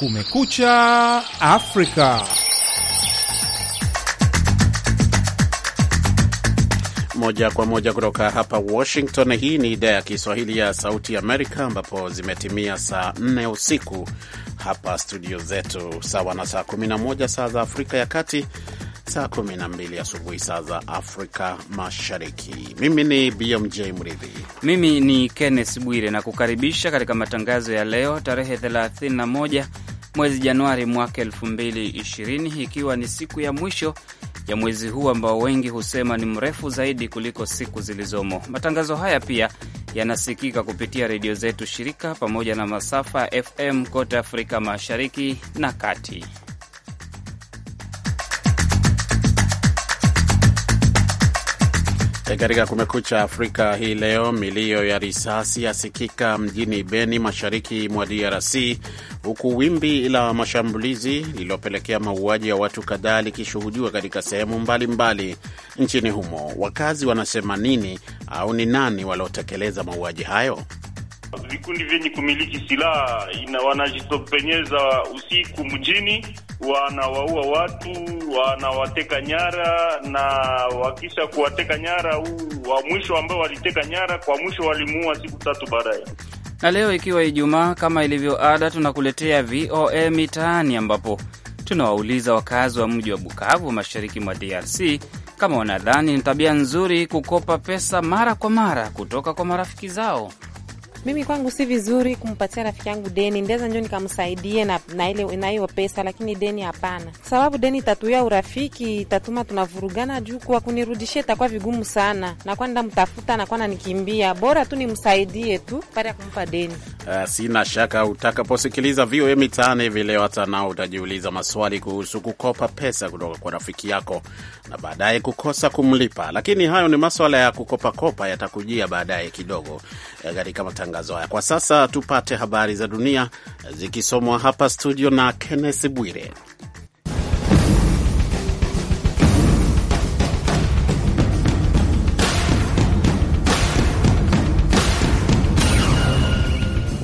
Kumekucha Afrika. Moja kwa moja kutoka hapa Washington. Hii ni idhaa ya Kiswahili ya Sauti Amerika, ambapo zimetimia saa 4 usiku hapa studio zetu, sawa na saa 11 saa za Afrika ya Kati, saa 12 asubuhi saa za Afrika Mashariki. Mimi ni BMJ Mridhi, mimi ni Kenneth Bwire na kukaribisha katika matangazo ya leo tarehe 31 mwezi Januari mwaka 220 ikiwa ni siku ya mwisho ya mwezi huu ambao wengi husema ni mrefu zaidi kuliko siku zilizomo. Matangazo haya pia yanasikika kupitia redio zetu shirika pamoja na masafa FM kote Afrika Mashariki na Kati. E, katika Kumekucha Afrika hii leo, milio ya risasi yasikika mjini Beni, mashariki mwa DRC, huku wimbi la mashambulizi lililopelekea mauaji ya watu kadhaa likishuhudiwa katika sehemu mbalimbali nchini humo. Wakazi wanasema nini au ni nani waliotekeleza mauaji hayo? Vikundi vyenye kumiliki silaha wanajitopenyeza usiku mjini, wanawaua watu, wanawateka nyara, na wakisha kuwateka nyara, huu wa mwisho ambao waliteka nyara kwa mwisho walimuua siku tatu baadaye. Na leo ikiwa Ijumaa, kama ilivyo ada, tunakuletea VOA Mitaani ambapo tunawauliza wakazi wa mji wa Bukavu, mashariki mwa DRC, kama wanadhani ni tabia nzuri kukopa pesa mara kwa mara kutoka kwa marafiki zao. Mimi kwangu si vizuri kumpatia rafiki yangu deni, ndeza njo nikamsaidie na, na ile na hiyo pesa, lakini deni hapana, sababu deni itatuia urafiki, itatuma tunavurugana juu kwa kunirudishia itakuwa vigumu sana, nakuwa ndamtafuta, nakuwa nanikimbia. Bora tu nimsaidie tu baada ya kumpa deni. Uh, sina shaka utakaposikiliza VOA Mitaani hivi leo, hata nao utajiuliza maswali kuhusu kukopa pesa kutoka kwa rafiki yako na baadaye kukosa kumlipa. Lakini hayo ni maswala ya kukopakopa, yatakujia baadaye kidogo uh, katika matangazo haya. Kwa sasa tupate habari za dunia uh, zikisomwa hapa studio na Kenneth Bwire.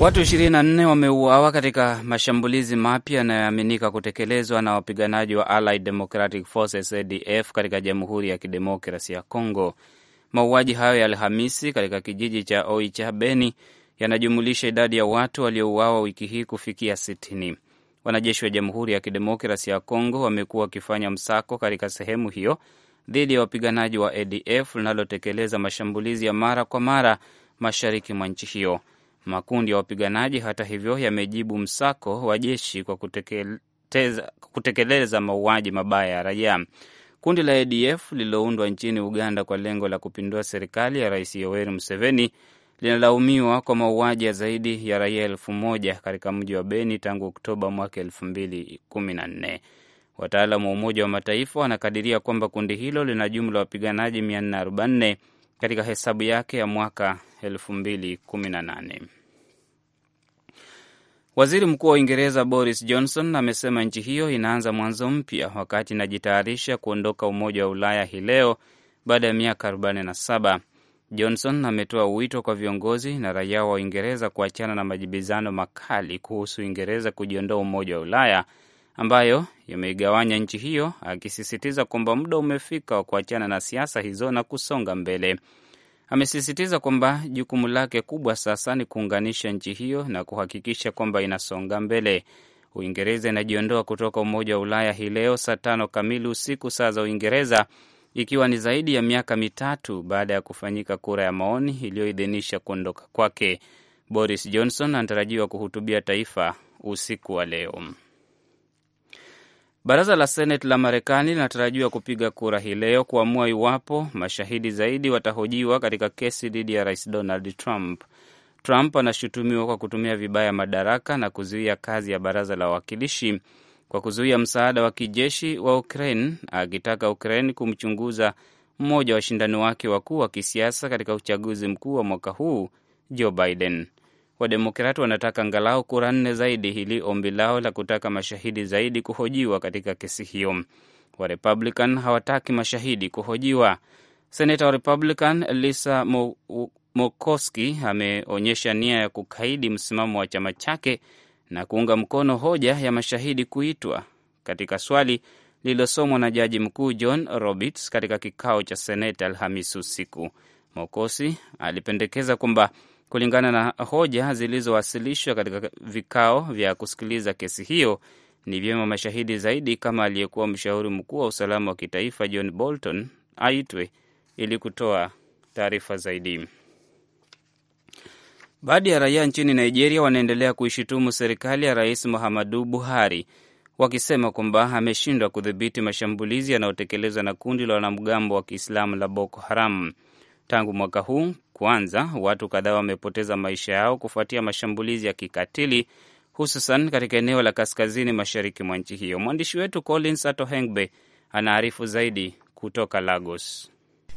Watu 24 wameuawa katika mashambulizi mapya yanayoaminika kutekelezwa na wapiganaji wa Allied Democratic Forces ADF katika Jamhuri ya Kidemokrasi ya Congo. Mauaji hayo ya Alhamisi katika kijiji cha Oicha Beni yanajumulisha idadi ya watu waliouawa wiki hii kufikia 60 Wanajeshi wa Jamhuri ya Kidemokrasi ya Congo wamekuwa wakifanya msako katika sehemu hiyo dhidi ya wapiganaji wa ADF linalotekeleza mashambulizi ya mara kwa mara mashariki mwa nchi hiyo. Makundi ya wapiganaji hata hivyo yamejibu msako wa jeshi kwa kutekeleza, kutekeleza mauaji mabaya ya raia. Kundi la ADF lililoundwa nchini Uganda kwa lengo la kupindua serikali ya Rais Yoweri Museveni linalaumiwa kwa mauaji ya zaidi ya raia elfu moja katika mji wa Beni tangu Oktoba mwaka elfu mbili kumi na nne. Wataalam wa Umoja wa Mataifa wanakadiria kwamba kundi hilo lina jumla wapiganaji 444 katika hesabu yake ya mwaka nane. Waziri Mkuu wa Uingereza Boris Johnson amesema nchi hiyo inaanza mwanzo mpya wakati inajitayarisha kuondoka Umoja wa Ulaya hii leo baada ya miaka 47. Johnson ametoa wito kwa viongozi na raia wa Uingereza kuachana na majibizano makali kuhusu Uingereza kujiondoa Umoja wa Ulaya ambayo yameigawanya nchi hiyo, akisisitiza kwamba muda umefika wa kuachana na siasa hizo na kusonga mbele. Amesisitiza kwamba jukumu lake kubwa sasa ni kuunganisha nchi hiyo na kuhakikisha kwamba inasonga mbele. Uingereza inajiondoa kutoka Umoja wa Ulaya hii leo saa tano kamili usiku saa za Uingereza, ikiwa ni zaidi ya miaka mitatu baada ya kufanyika kura ya maoni iliyoidhinisha kuondoka kwake. Boris Johnson anatarajiwa kuhutubia taifa usiku wa leo. Baraza la Seneti la Marekani linatarajiwa kupiga kura hii leo kuamua iwapo mashahidi zaidi watahojiwa katika kesi dhidi ya rais Donald Trump. Trump anashutumiwa kwa kutumia vibaya madaraka na kuzuia kazi ya baraza la wawakilishi kwa kuzuia msaada wa kijeshi wa Ukraine, akitaka Ukraine kumchunguza mmoja wa washindani wake wakuu wa kisiasa katika uchaguzi mkuu wa mwaka huu, Joe Biden. Wademokrati wanataka angalau kura nne zaidi hili ombi lao la kutaka mashahidi zaidi kuhojiwa katika kesi hiyo. Warepublican hawataki mashahidi kuhojiwa. Senata wa Republican Lisa Mokoski ameonyesha nia ya kukaidi msimamo wa chama chake na kuunga mkono hoja ya mashahidi kuitwa katika swali lililosomwa na jaji mkuu John Roberts katika kikao cha seneta Alhamisi usiku. Mokosi alipendekeza kwamba Kulingana na hoja zilizowasilishwa katika vikao vya kusikiliza kesi hiyo, ni vyema mashahidi zaidi kama aliyekuwa mshauri mkuu wa usalama wa kitaifa John Bolton aitwe ili kutoa taarifa zaidi. Baadhi ya raia nchini Nigeria wanaendelea kuishutumu serikali ya Rais Muhammadu Buhari wakisema kwamba ameshindwa kudhibiti mashambulizi yanayotekelezwa na kundi la wanamgambo wa Kiislamu la Boko Haram. Tangu mwaka huu kwanza, watu kadhaa wamepoteza maisha yao kufuatia mashambulizi ya kikatili hususan katika eneo la kaskazini mashariki mwa nchi hiyo. Mwandishi wetu Collins Atohengbe anaarifu zaidi kutoka Lagos.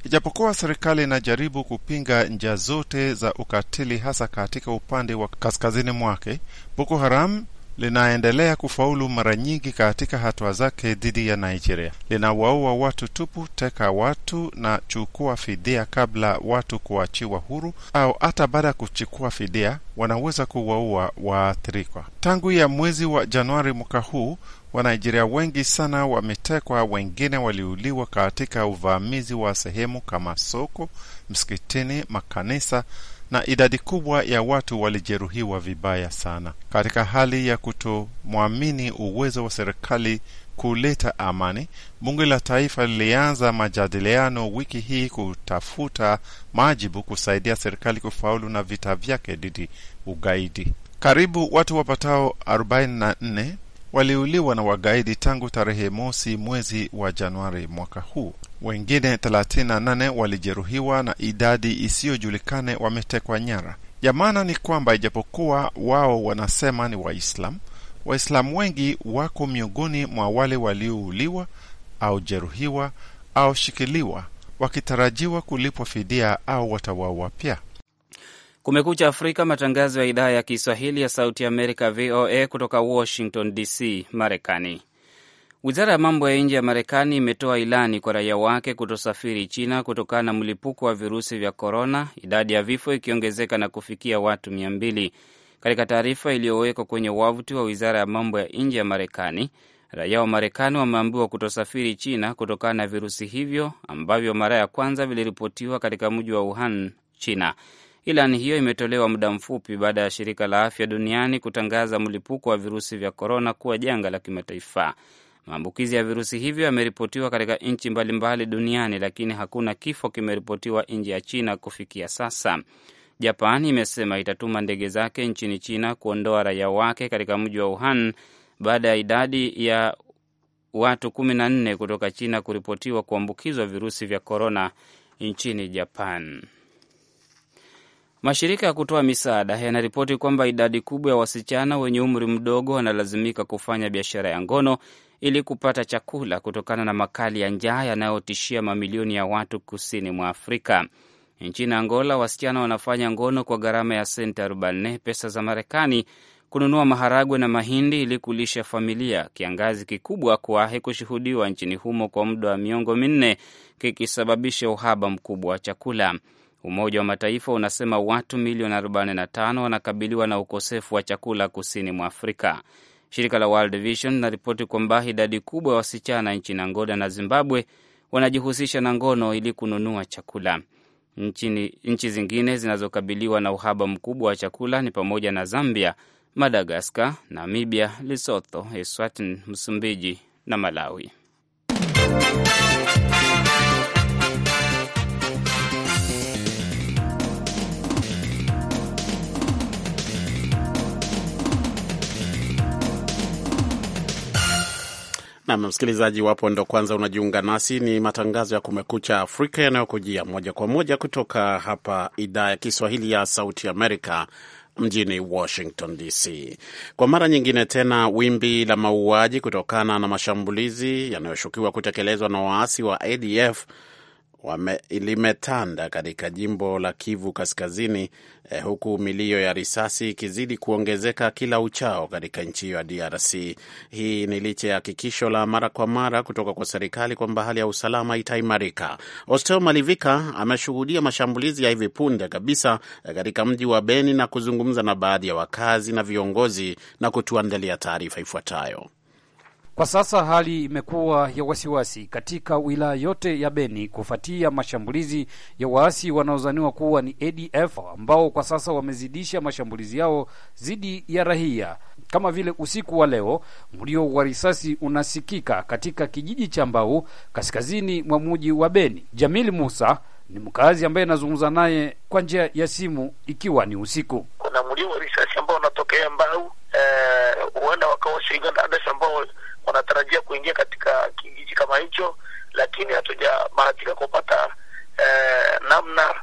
Ijapokuwa serikali inajaribu kupinga njia zote za ukatili, hasa katika upande wa kaskazini mwake, Boko Haram linaendelea kufaulu mara nyingi katika hatua zake dhidi ya Nigeria. Linawaua watu tupu, teka watu na chukua fidia kabla watu kuachiwa huru, au hata baada ya kuchukua fidia wanaweza kuwaua waathirika. Tangu ya mwezi wa Januari mwaka huu Wanigeria wengi sana wametekwa, wengine waliuliwa katika uvamizi wa sehemu kama soko, msikitini, makanisa na idadi kubwa ya watu walijeruhiwa vibaya sana, katika hali ya kutomwamini uwezo wa serikali kuleta amani. Bunge la Taifa lilianza majadiliano wiki hii kutafuta majibu kusaidia serikali kufaulu na vita vyake dhidi ugaidi. Karibu watu wapatao 44 waliuliwa na wagaidi tangu tarehe mosi mwezi wa Januari mwaka huu wengine 38 walijeruhiwa na idadi isiyojulikane wametekwa nyara. Yamana ni kwamba ijapokuwa wao wanasema ni Waislamu, Waislamu wengi wako miongoni mwa wale waliouliwa au jeruhiwa au shikiliwa wakitarajiwa kulipwa fidia au watauawa pia. Kumekucha Afrika, matangazo ya idhaa ya Kiswahili ya Sauti Amerika, VOA, kutoka Washington DC, Marekani. Wizara ya mambo ya nje ya Marekani imetoa ilani kwa raia wake kutosafiri China kutokana na mlipuko wa virusi vya korona, idadi ya vifo ikiongezeka na kufikia watu mia mbili. Katika taarifa iliyowekwa kwenye wavuti wa wizara ya mambo ya nje ya Marekani, raia wa Marekani wameambiwa kutosafiri China kutokana na virusi hivyo ambavyo mara ya kwanza viliripotiwa katika mji wa Wuhan, China. Ilani hiyo imetolewa muda mfupi baada ya shirika la afya duniani kutangaza mlipuko wa virusi vya korona kuwa janga la kimataifa. Maambukizi ya virusi hivyo yameripotiwa katika nchi mbalimbali duniani, lakini hakuna kifo kimeripotiwa nje ya China kufikia sasa. Japan imesema itatuma ndege zake nchini China kuondoa raia wake katika mji wa Wuhan baada ya idadi ya watu kumi na nne kutoka China kuripotiwa kuambukizwa virusi vya korona nchini Japan. Mashirika ya kutoa misaada yanaripoti kwamba idadi kubwa ya wasichana wenye umri mdogo wanalazimika kufanya biashara ya ngono ili kupata chakula kutokana na makali ya njaa yanayotishia mamilioni ya watu kusini mwa Afrika. Nchini Angola, wasichana wanafanya ngono kwa gharama ya senti 40 pesa za Marekani kununua maharagwe na mahindi ili kulisha familia. Kiangazi kikubwa kuwahi kushuhudiwa nchini humo kwa muda wa miongo minne kikisababisha uhaba mkubwa wa chakula. Umoja wa Mataifa unasema watu milioni 45 wanakabiliwa na ukosefu wa chakula kusini mwa Afrika. Shirika la World Vision linaripoti kwamba idadi kubwa ya wasichana nchini Angola na Zimbabwe wanajihusisha na ngono ili kununua chakula. Nchini, nchi zingine zinazokabiliwa na uhaba mkubwa wa chakula ni pamoja na Zambia, Madagaskar, Namibia, Lesotho, Eswatini, Msumbiji na Malawi. Nam msikilizaji, wapo ndo kwanza unajiunga nasi, ni matangazo ya Kumekucha Afrika yanayokujia moja kwa moja kutoka hapa idhaa ya Kiswahili ya Sauti Amerika mjini Washington DC. Kwa mara nyingine tena, wimbi la mauaji kutokana na mashambulizi yanayoshukiwa kutekelezwa na waasi wa ADF limetanda katika jimbo la Kivu Kaskazini eh, huku milio ya risasi ikizidi kuongezeka kila uchao katika nchi hiyo ya DRC. Hii ni licha ya hakikisho la mara kwa mara kutoka kwa serikali kwamba hali ya usalama itaimarika. Ostel Malivika ameshuhudia mashambulizi ya hivi punde kabisa eh, katika mji wa Beni na kuzungumza na baadhi ya wakazi na viongozi na kutuandalia taarifa ifuatayo. Kwa sasa hali imekuwa ya wasiwasi katika wilaya yote ya Beni kufuatia mashambulizi ya waasi wanaozaniwa kuwa ni ADF ambao kwa sasa wamezidisha mashambulizi yao dhidi ya raia. Kama vile usiku wa leo mlio wa risasi unasikika katika kijiji cha Mbau kaskazini mwa muji wa Beni. Jamil Musa ni mkazi ambaye anazungumza naye kwa njia ya simu ikiwa ni usiku. Kuna mlio wa risasi ambao unatokea Mbau Eh, huenda eh, wakawa Uganda Others ambao wanatarajia kuingia katika kijiji kama hicho, lakini hatujabahatika kupata eh, namna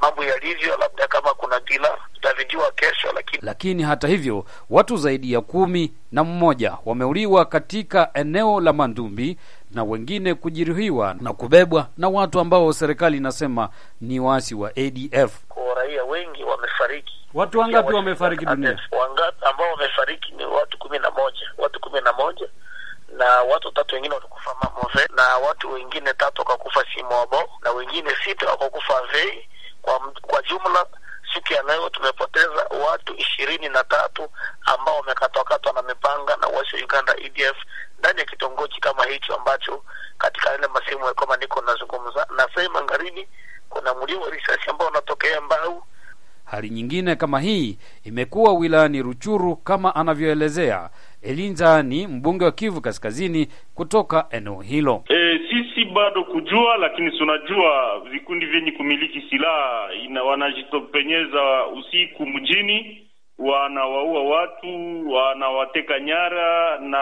mambo yalivyo, labda kama kuna dila tutavijua kesho. Lakini lakini hata hivyo watu zaidi ya kumi na mmoja wameuliwa katika eneo la Mandumbi na wengine kujeruhiwa na kubebwa na watu ambao serikali inasema ni waasi wa ADF. Kwa raia wengi wamefariki. Watu wangapi wamefariki dunia? Wangapi ambao wamefariki ni watu kumi na moja, watu kumi na moja na watu tatu wengine walikufa Mamove na watu wengine tatu wakakufa Simobo na wengine sita wakakufa Vei. Kwa, kwa jumla siku ya leo tumepoteza watu ishirini na tatu ambao wamekatwakatwa na mipanga na wasi Uganda EDF ndani ya kitongoji kama hicho ambacho katika yale masehemu kama niko nazungumza na sehemu magharibi kuna mlio wa risasi ambao unatokea Mbau. Hali nyingine kama hii imekuwa wilayani Ruchuru kama anavyoelezea Elinza ni mbunge wa Kivu Kaskazini kutoka eneo hilo. E, sisi bado kujua, lakini tunajua vikundi vyenye kumiliki silaha wanajitopenyeza usiku mjini wanawaua watu, wanawateka nyara, na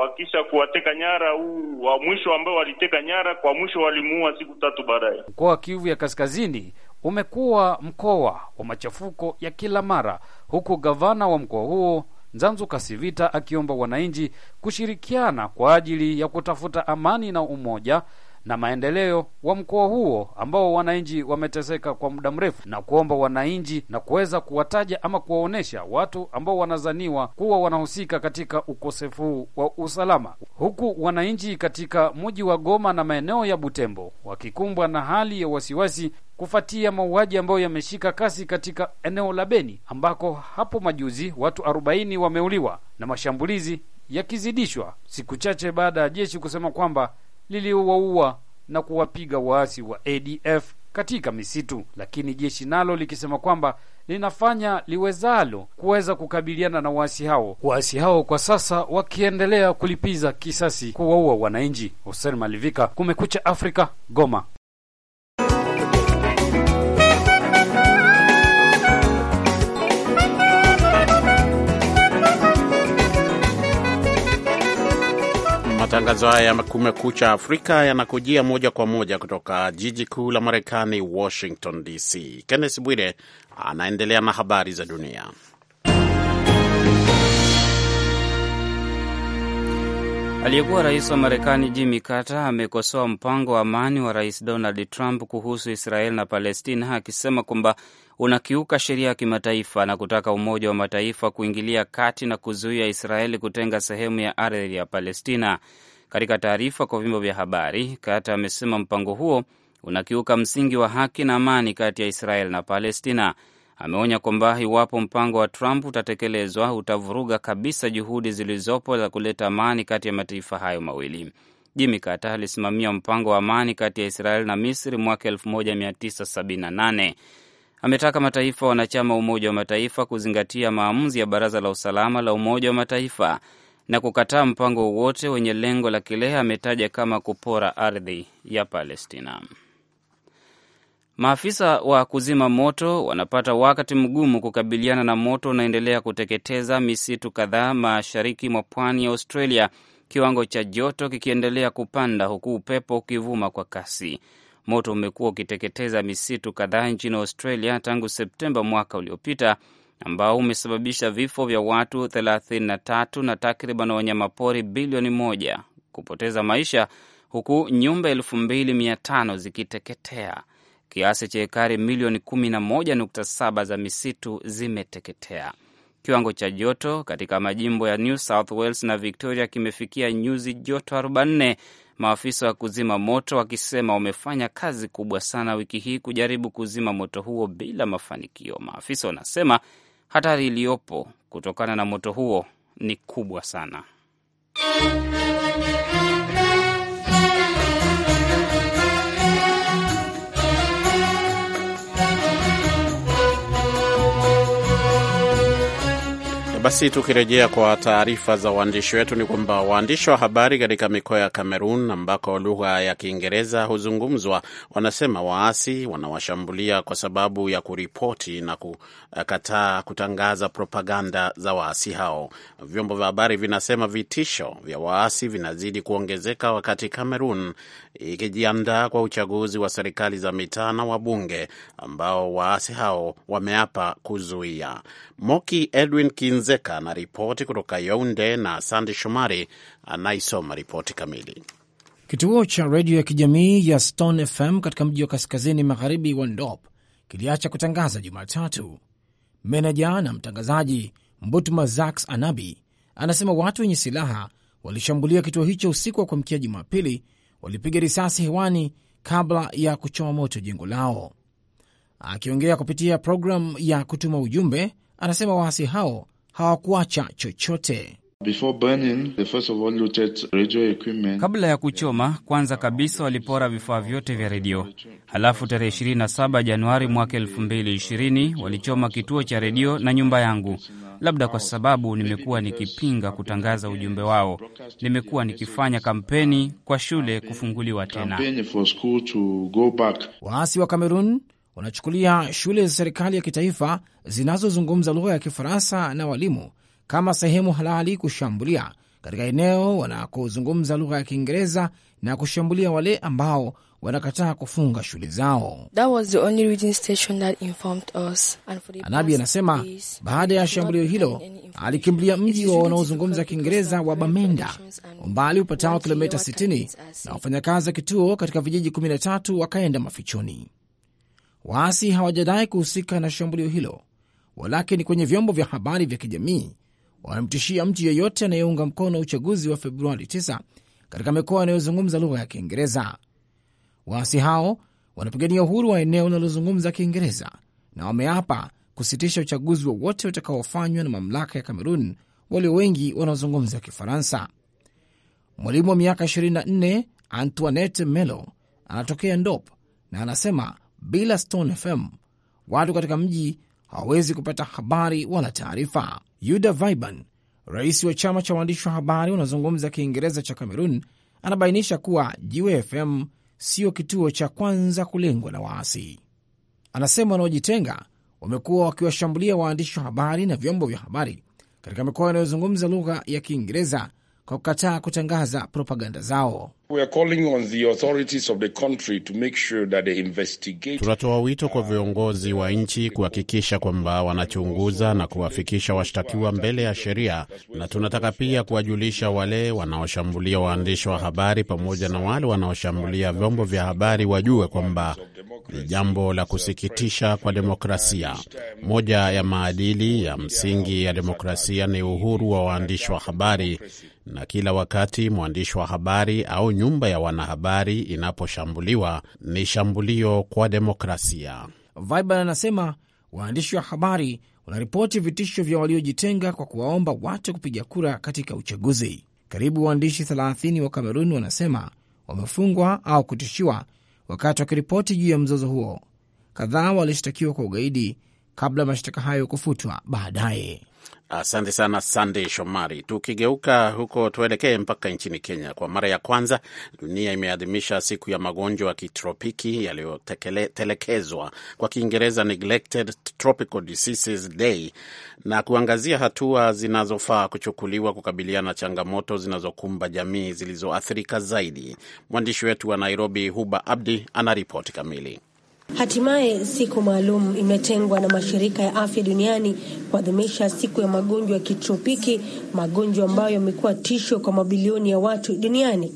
wakisha kuwateka nyara, huu wa mwisho ambao waliteka nyara kwa mwisho walimuua siku tatu baadaye. Mkoa wa Kivu ya Kaskazini umekuwa mkoa wa machafuko ya kila mara, huku gavana wa mkoa huo Nzanzu Kasivita akiomba wananchi kushirikiana kwa ajili ya kutafuta amani na umoja na maendeleo wa mkoa huo ambao wananchi wameteseka kwa muda mrefu, na kuomba wananchi na kuweza kuwataja ama kuwaonyesha watu ambao wanazaniwa kuwa wanahusika katika ukosefu wa usalama, huku wananchi katika mji wa Goma na maeneo ya Butembo wakikumbwa na hali ya wasiwasi kufuatia mauaji ambayo yameshika kasi katika eneo la Beni ambako hapo majuzi watu 40 wameuliwa na mashambulizi yakizidishwa siku chache baada ya jeshi kusema kwamba liliowaua na kuwapiga waasi wa ADF katika misitu, lakini jeshi nalo likisema kwamba linafanya liwezalo kuweza kukabiliana na waasi hao, waasi hao kwa sasa wakiendelea kulipiza kisasi kuwaua wananchi. Hosen Malivika, Kumekucha Afrika, Goma. Matangazo haya ya Kumekucha Afrika yanakujia moja kwa moja kutoka jiji kuu la Marekani, Washington DC. kennes Bwire anaendelea na habari za dunia. Aliyekuwa rais wa Marekani Jimmy Carter amekosoa mpango wa amani wa rais Donald Trump kuhusu Israel na Palestina, akisema kwamba unakiuka sheria ya kimataifa na kutaka Umoja wa Mataifa kuingilia kati na kuzuia Israeli kutenga sehemu ya ardhi ya Palestina. Katika taarifa kwa vyombo vya habari, Carter amesema mpango huo unakiuka msingi wa haki na amani kati ya Israel na Palestina. Ameonya kwamba iwapo mpango wa Trump utatekelezwa utavuruga kabisa juhudi zilizopo za kuleta amani kati ya mataifa hayo mawili. Jimmy Carter alisimamia mpango wa amani kati ya Israel na Misri mwaka 1978. Ametaka mataifa wanachama wa Umoja wa Mataifa kuzingatia maamuzi ya Baraza la Usalama la Umoja wa Mataifa na kukataa mpango wowote wenye lengo la kile ametaja kama kupora ardhi ya Palestina. Maafisa wa kuzima moto wanapata wakati mgumu kukabiliana na moto unaendelea kuteketeza misitu kadhaa mashariki mwa pwani ya Australia, kiwango cha joto kikiendelea kupanda huku upepo ukivuma kwa kasi. Moto umekuwa ukiteketeza misitu kadhaa nchini Australia tangu Septemba mwaka uliopita, ambao umesababisha vifo vya watu 33 na takriban wanyamapori bilioni moja kupoteza maisha, huku nyumba 2500 zikiteketea kiasi cha hekari milioni 11.7 za misitu zimeteketea. Kiwango cha joto katika majimbo ya New South Wales na Victoria kimefikia nyuzi joto 44, maafisa wa kuzima moto wakisema wamefanya kazi kubwa sana wiki hii kujaribu kuzima moto huo bila mafanikio. Maafisa wanasema hatari iliyopo kutokana na moto huo ni kubwa sana. Basi tukirejea kwa taarifa za waandishi wetu, ni kwamba waandishi wa habari katika mikoa ya Kamerun ambako lugha ya Kiingereza huzungumzwa wanasema waasi wanawashambulia kwa sababu ya kuripoti na kukataa kutangaza propaganda za waasi hao. Vyombo vya habari vinasema vitisho vya waasi vinazidi kuongezeka wakati Kamerun ikijiandaa kwa uchaguzi wa serikali za mitaa na wabunge ambao waasi hao wameapa kuzuia. Moki Edwin Kinze na ripoti kutoka Yaunde na Sande Shomari anaisoma ripoti kamili. Kituo cha redio ya kijamii ya Stone FM katika mji wa kaskazini magharibi wa Ndop kiliacha kutangaza Jumatatu. Meneja na mtangazaji Mbutuma Zaks Anabi anasema watu wenye silaha walishambulia kituo hicho usiku wa kuamkia Jumapili, walipiga risasi hewani kabla ya kuchoma moto jengo lao. Akiongea kupitia programu ya kutuma ujumbe, anasema waasi hao hawakuacha chochote. Burning, all, kabla ya kuchoma, kwanza kabisa walipora vifaa vyote vya redio. Halafu tarehe 27 Januari mwaka 2020 walichoma kituo cha redio na nyumba yangu, labda kwa sababu nimekuwa nikipinga kutangaza ujumbe wao. Nimekuwa nikifanya kampeni kwa shule kufunguliwa tena. Waasi wa Kamerun wanachukulia shule za serikali ya kitaifa zinazozungumza lugha ya Kifaransa na walimu kama sehemu halali kushambulia katika eneo wanakozungumza lugha ya Kiingereza na kushambulia wale ambao wanakataa kufunga shule zao. Anabi anasema baada ya shambulio hilo alikimbilia mji wa wanaozungumza Kiingereza wa Bamenda, umbali upatao kilomita 60, na wafanyakazi wa kituo katika vijiji 13 wakaenda mafichoni. Waasi hawajadai kuhusika na shambulio hilo, walakini kwenye vyombo vya habari vya kijamii wamemtishia mtu yeyote anayeunga mkono uchaguzi wa Februari 9 katika mikoa inayozungumza lugha ya Kiingereza. Waasi hao wanapigania uhuru wa eneo linalozungumza Kiingereza na wameapa kusitisha uchaguzi wowote utakaofanywa na mamlaka ya Kamerun, walio wengi wanaozungumza Kifaransa. Mwalimu wa miaka 24 Antoinette Melo anatokea Ndop na anasema bila Stone FM watu katika mji hawawezi kupata habari wala taarifa. Yuda Viban, rais wa chama cha waandishi wa habari wanazungumza Kiingereza cha Kamerun, anabainisha kuwa Jiwe FM siyo kituo cha kwanza kulengwa na waasi. Anasema wanaojitenga wamekuwa wakiwashambulia waandishi wa habari na vyombo vya habari katika mikoa inayozungumza lugha ya Kiingereza kwa kukataa kutangaza propaganda zao. Tunatoa wito kwa viongozi wa nchi kuhakikisha kwamba wanachunguza na kuwafikisha washtakiwa mbele ya sheria, na tunataka pia kuwajulisha wale wanaoshambulia waandishi wa habari pamoja na wale wanaoshambulia vyombo vya habari wajue kwamba ni jambo la kusikitisha kwa demokrasia. Moja ya maadili ya msingi ya demokrasia ni uhuru wa waandishi wa habari na kila wakati mwandishi wa habari au nyumba ya wanahabari inaposhambuliwa ni shambulio kwa demokrasia. vibar anasema waandishi wa habari wanaripoti vitisho vya waliojitenga kwa kuwaomba watu kupiga kura katika uchaguzi. Karibu waandishi 30 wa Kamerun wanasema wamefungwa au kutishiwa wakati wakiripoti juu ya mzozo huo. Kadhaa walishtakiwa kwa ugaidi kabla mashtaka hayo kufutwa baadaye. Asante sana Sandey Shomari. Tukigeuka huko, tuelekee mpaka nchini Kenya. Kwa mara ya kwanza dunia imeadhimisha siku ya magonjwa ya kitropiki yaliyotelekezwa, kwa Kiingereza neglected tropical diseases day, na kuangazia hatua zinazofaa kuchukuliwa kukabiliana na changamoto zinazokumba jamii zilizoathirika zaidi. Mwandishi wetu wa Nairobi, Huba Abdi, ana ripoti kamili. Hatimaye siku maalum imetengwa na mashirika ya afya duniani kuadhimisha siku ya magonjwa ya kitropiki, magonjwa ambayo yamekuwa tisho kwa mabilioni ya watu duniani.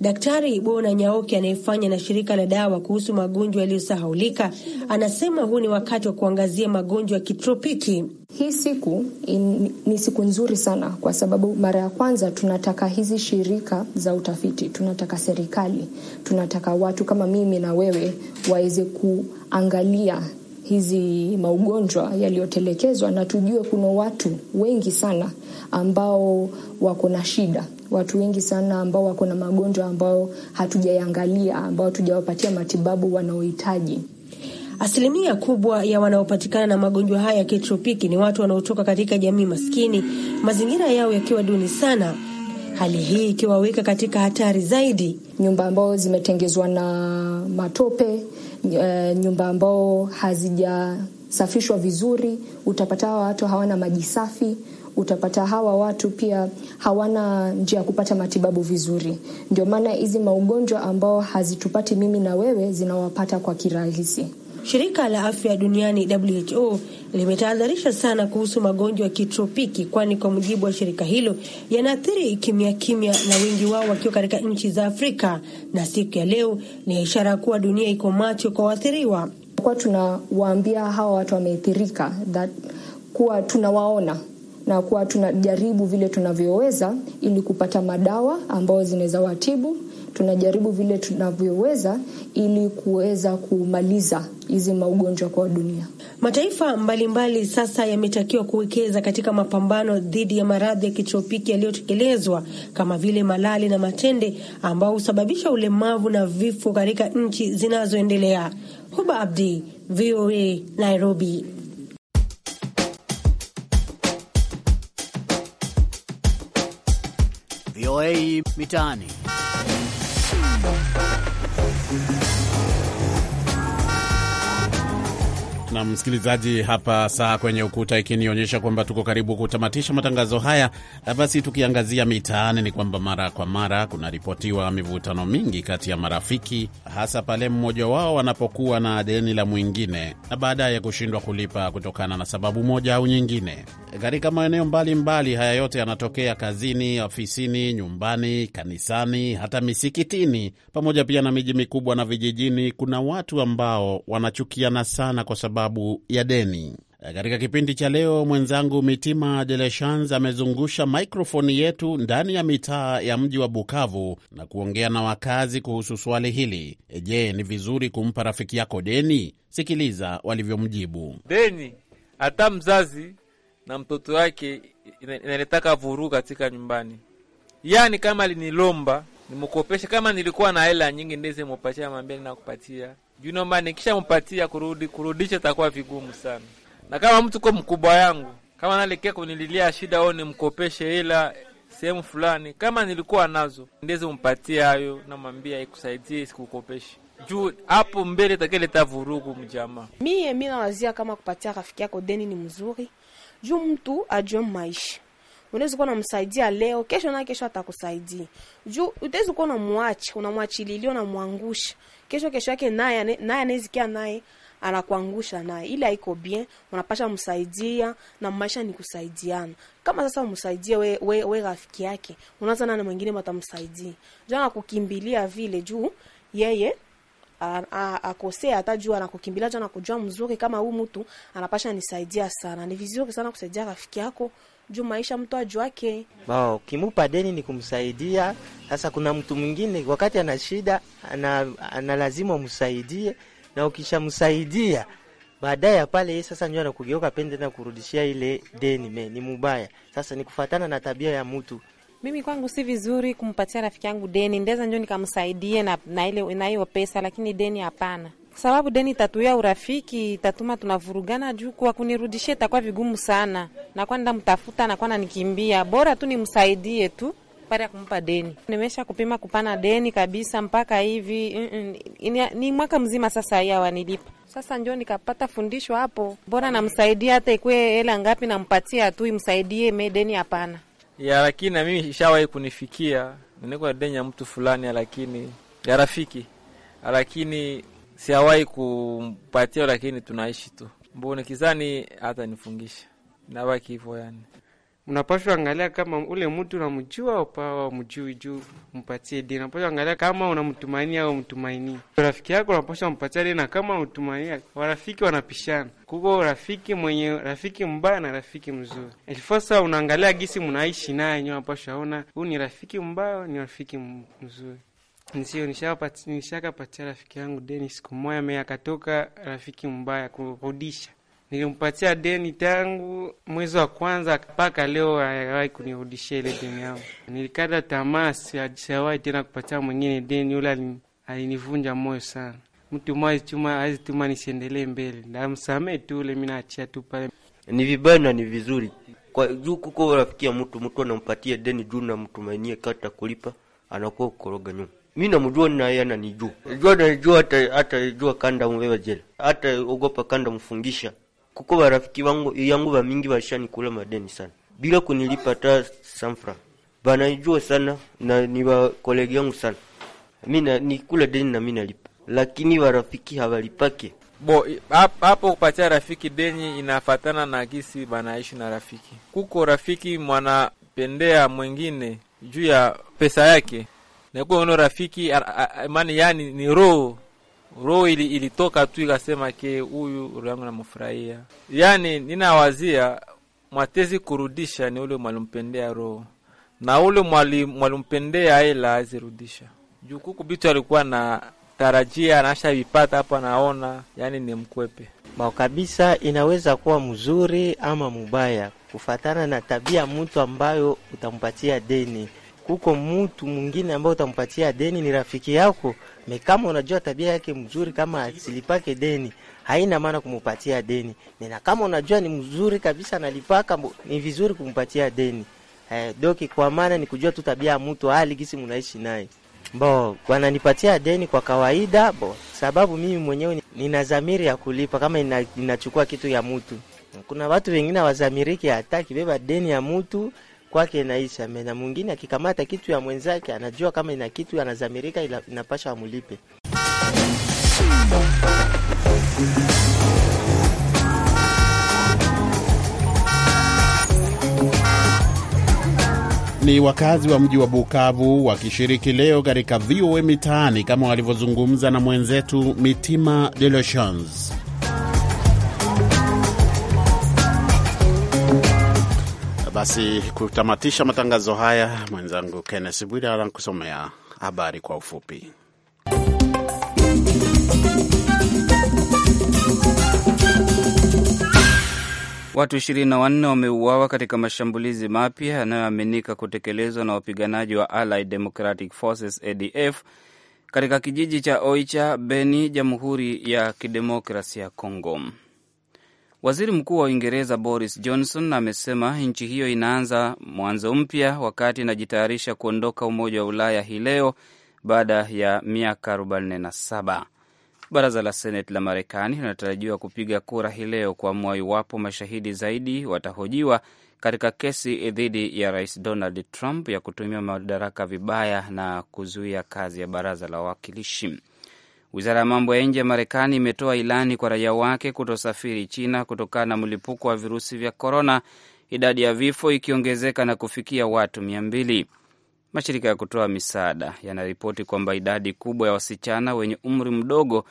Daktari Bona Nyaoki anayefanya na shirika la dawa kuhusu magonjwa yaliyosahaulika anasema huu ni wakati wa kuangazia magonjwa ya kitropiki. Hii siku in, ni siku nzuri sana kwa sababu mara ya kwanza tunataka hizi shirika za utafiti, tunataka serikali, tunataka watu kama mimi na wewe waweze kuangalia hizi maugonjwa yaliyotelekezwa, na tujue kuna watu wengi sana ambao wako na shida watu wengi sana ambao wako na magonjwa ambao hatujayangalia, ambao hatujawapatia matibabu wanaohitaji. Asilimia kubwa ya wanaopatikana na magonjwa haya ya kitropiki ni watu wanaotoka katika jamii maskini, mazingira yao yakiwa duni sana, hali hii ikiwaweka katika hatari zaidi. Nyumba ambao zimetengezwa na matope, eh, nyumba ambao hazijasafishwa vizuri, utapata hawa watu hawana maji safi utapata hawa watu pia hawana njia ya kupata matibabu vizuri. Ndio maana hizi maugonjwa ambao hazitupati mimi na wewe zinawapata kwa kirahisi. Shirika la afya duniani WHO limetahadharisha sana kuhusu magonjwa ya kitropiki, kwani kwa mujibu wa shirika hilo yanaathiri kimya kimya, na wengi wao wakiwa katika nchi za Afrika. Na siku ya leo ni ishara kuwa dunia iko macho kwa waathiriwa, kwa tunawaambia hawa watu wameathirika, that kuwa tunawaona na kuwa tunajaribu vile tunavyoweza ili kupata madawa ambayo zinaweza watibu. Tunajaribu vile tunavyoweza ili kuweza kumaliza hizi maugonjwa kwa dunia. Mataifa mbalimbali sasa yametakiwa kuwekeza katika mapambano dhidi ya maradhi ya kitropiki yaliyotekelezwa kama vile malali na matende ambao husababisha ulemavu na vifo katika nchi zinazoendelea. Huba Abdi, VOA, Nairobi. VOA Mitaani. na msikilizaji, hapa saa kwenye ukuta ikinionyesha kwamba tuko karibu kutamatisha matangazo haya. Eh, basi tukiangazia mitaani, ni kwamba mara kwa mara kunaripotiwa mivutano mingi kati ya marafiki, hasa pale mmoja wao anapokuwa na deni la mwingine na baadaye kushindwa kulipa kutokana na sababu moja au nyingine, katika maeneo mbalimbali. Haya yote yanatokea kazini, ofisini, nyumbani, kanisani, hata misikitini, pamoja pia na miji mikubwa na vijijini. Kuna watu ambao wanachukiana sana kwa sababu sababu ya deni. Katika kipindi cha leo, mwenzangu Mitima De amezungusha mikrofoni yetu ndani ya mitaa ya mji wa Bukavu na kuongea na wakazi kuhusu swali hili. Je, ni vizuri kumpa rafiki yako deni? Sikiliza walivyomjibu. Deni hata mzazi na mtoto wake inaletaka vuruu katika nyumbani. Yani, kama linilomba nimukopeshe, kama nilikuwa na hela nyingi ndeze mambia nakupatia Junoma nikisha mpatia kurudi kurudisha itakuwa vigumu sana, na kama mtu ko mkubwa yangu kama nalekea kunililia shida au nimkopeshe hela sehemu fulani, kama nilikuwa nazo ndezi mpatia hayo, namwambia ikusaidie, sikukopeshe juu hapo mbele takeleta vurugu mjamaa. Mie mi nawazia kama kupatia rafiki yako deni ni mzuri, juu mtu ajue maisha unaweza kuwa namsaidia leo, kesho na kesho atakusaidia. Juu utaweza kuwa unamwacha unamwachililia, unamwangusha kesho kesho yake naye naye anaisikia naye anakuangusha naye, ile haiko bien, unapasha msaidia na maisha ni kusaidiana. Kama sasa umsaidie we, we, we rafiki yake, unaanza nani mwingine matamsaidia jana kukimbilia vile juu yeye akosea atajua na kukimbia jana kujua mzuri kama huyu mtu anapasha nisaidia sana. Ni vizuri sana kusaidia rafiki yako juu maisha mtu ajuake. Bao kimupa deni ni kumsaidia. Sasa kuna mtu mwingine wakati ana shida ana, ana lazima umsaidie, na ukishamsaidia baadaye pale sasa ndio anakugeuka pende na kurudishia ile deni. Me ni mubaya. Sasa ni kufatana na tabia ya mtu. Mimi kwangu si vizuri kumpatia rafiki yangu deni, ndeza njo nikamsaidie na, na, ile, na hiyo pesa, lakini deni hapana sababu deni itatuia urafiki, itatuma tunavurugana juu. Kwa kunirudishia itakuwa vigumu sana, nakuwa nda mtafuta, nakuwa nikimbia, Bora tu nimsaidie tu pale ya kumpa deni. Nimesha kupima kupana deni kabisa mpaka hivi mm ni mwaka mzima sasa, hii awanilipa sasa, njo nikapata fundisho hapo, bora namsaidia hata ikue hela ngapi nampatia tu imsaidie, me deni hapana ya lakini na mimi ishawahi kunifikia, nilikuwa denya mtu fulani, lakini ya rafiki, lakini siawahi kumpatia, lakini tunaishi tu mbona kizani hata nifungisha, nabaki hivyo yani. Mnapashwa angalia kama ule mtu unamjua upawa mjui juu mpatie deni. Unapashwa angalia kama unamtumainia au mtumainia rafiki yako, unapashwa mpatia deni, na kama unamtumainia. Warafiki wanapishana, kuko rafiki mwenye rafiki mbaya na rafiki mzuri. Elfosa unaangalia gisi mnaishi naye, nyo unapashwa ona huu ni rafiki mbaya, ni rafiki mzuri. Nsio nishakapatia rafiki yangu deni siku moja, me akatoka rafiki mbaya kurudisha Nilimpatia deni tangu mwezi wa kwanza mpaka leo hawahi kunirudishia ile deni yangu. Nilikata tamaa, sijawahi tena kupatia mwingine deni. Yule alinivunja moyo sana. Mtu mmoja azituma nisiendelee mbele, ndamsamee tu ule, mi naachia tu pale. Ni vibaya na ni vizuri kwa juu, kuko rafiki ya mtu mtu anampatia deni juu namtumainie kata kulipa, anakuwa kukoroga nyuma Mi namjua naye ananijua, jua nanijua, hata hata jua kanda mwewe jela, hata ogopa kanda mfungisha kuko barafiki wangu yangu ba mingi kula madeni sana bila kunilipa ta sanfra, banajua sana na ni ba kolegi yangu sana. Mimi nikula deni na mimi nalipa, lakini warafiki hawalipake bo hapo. Kupatia rafiki deni inafatana na gisi banaishi na rafiki. Kuko rafiki mwanapendea mwingine juu ya pesa yake, nakuno rafiki imani, yani ni roho roho ili, ilitoka tu ikasema ke huyu roho yangu namufurahia. Yani ninawazia mwatezi kurudisha ni ule mwalimpendea roho na ule mwalimpendea hela azirudisha juu kuku bitu alikuwa na tarajia anasha vipata hapa, naona yani ni mkwepe bao kabisa. Inaweza kuwa mzuri ama mubaya kufatana na tabia mtu ambayo utampatia deni kuko mtu mwingine ambaye utampatia deni, ni rafiki yako me, kama unajua tabia yake mzuri, kama asilipake deni haina maana kumpatia deni Na kama unajua ni mzuri kabisa analipaka, ni vizuri kumpatia deni eh, doki, kwa maana ni kujua tu tabia ya mtu, hali gisi mnaishi naye. Bo, wananipatia deni kwa kawaida bo, sababu mimi mwenyewe nina dhamiri ya kulipa kama inachukua kitu ya mtu. Kuna watu wengine wazamiriki, hataki beba deni ya mtu kwake inaisha na Mwingine akikamata kitu ya mwenzake anajua kama ina kitu anazamirika, inapasha amulipe. Ni wakazi wa mji wa Bukavu wakishiriki leo katika VOA Mitaani, kama walivyozungumza na mwenzetu Mitima De Lochans. Basi kutamatisha matangazo haya, mwenzangu kennes Bwira anakusomea habari kwa ufupi. Watu 24 wameuawa katika mashambulizi mapya yanayoaminika kutekelezwa na wapiganaji wa Allied Democratic Forces ADF katika kijiji cha Oicha, Beni, Jamhuri ya Kidemokrasia ya Kongo. Waziri Mkuu wa Uingereza Boris Johnson amesema nchi hiyo inaanza mwanzo mpya wakati inajitayarisha kuondoka Umoja wa Ulaya hii leo baada ya miaka 47. Baraza la Seneti la Marekani linatarajiwa kupiga kura hii leo kuamua iwapo mashahidi zaidi watahojiwa katika kesi dhidi ya Rais Donald Trump ya kutumia madaraka vibaya na kuzuia kazi ya baraza la wawakilishi. Wizara ya mambo ya nje ya Marekani imetoa ilani kwa raia wake kutosafiri China kutokana na mlipuko wa virusi vya korona, idadi ya vifo ikiongezeka na kufikia watu mia mbili. Mashirika ya kutoa misaada yanaripoti kwamba idadi kubwa ya wasichana wenye umri mdogo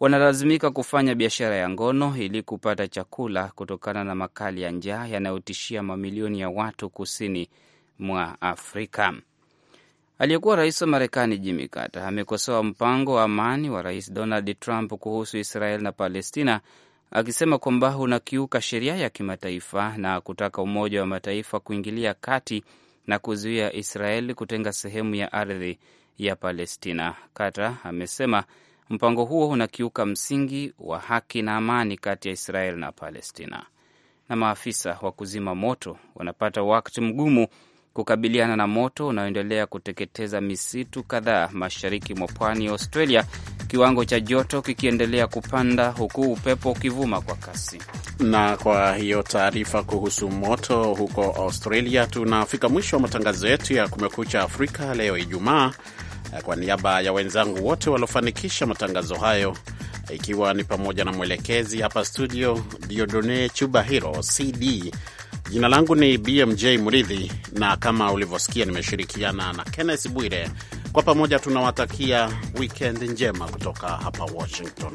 wanalazimika kufanya biashara ya ngono ili kupata chakula kutokana na makali ya njaa yanayotishia mamilioni ya watu kusini mwa Afrika. Aliyekuwa rais wa Marekani Jimmy Carter amekosoa mpango wa amani wa rais Donald Trump kuhusu Israel na Palestina, akisema kwamba unakiuka sheria ya kimataifa na kutaka Umoja wa Mataifa kuingilia kati na kuzuia Israel kutenga sehemu ya ardhi ya Palestina. Carter amesema mpango huo unakiuka msingi wa haki na amani kati ya Israel na Palestina. Na maafisa wa kuzima moto wanapata wakati mgumu kukabiliana na moto unaoendelea kuteketeza misitu kadhaa mashariki mwa pwani ya Australia, kiwango cha joto kikiendelea kupanda huku upepo ukivuma kwa kasi. Na kwa hiyo taarifa kuhusu moto huko Australia, tunafika mwisho wa matangazo yetu ya Kumekucha Afrika leo Ijumaa. Kwa niaba ya wenzangu wote waliofanikisha matangazo hayo, ikiwa ni pamoja na mwelekezi hapa studio Diodone Chubahiro CD Jina langu ni BMJ mridhi na kama ulivyosikia nimeshirikiana na Kenneth Bwire. Kwa pamoja tunawatakia wikendi njema kutoka hapa Washington.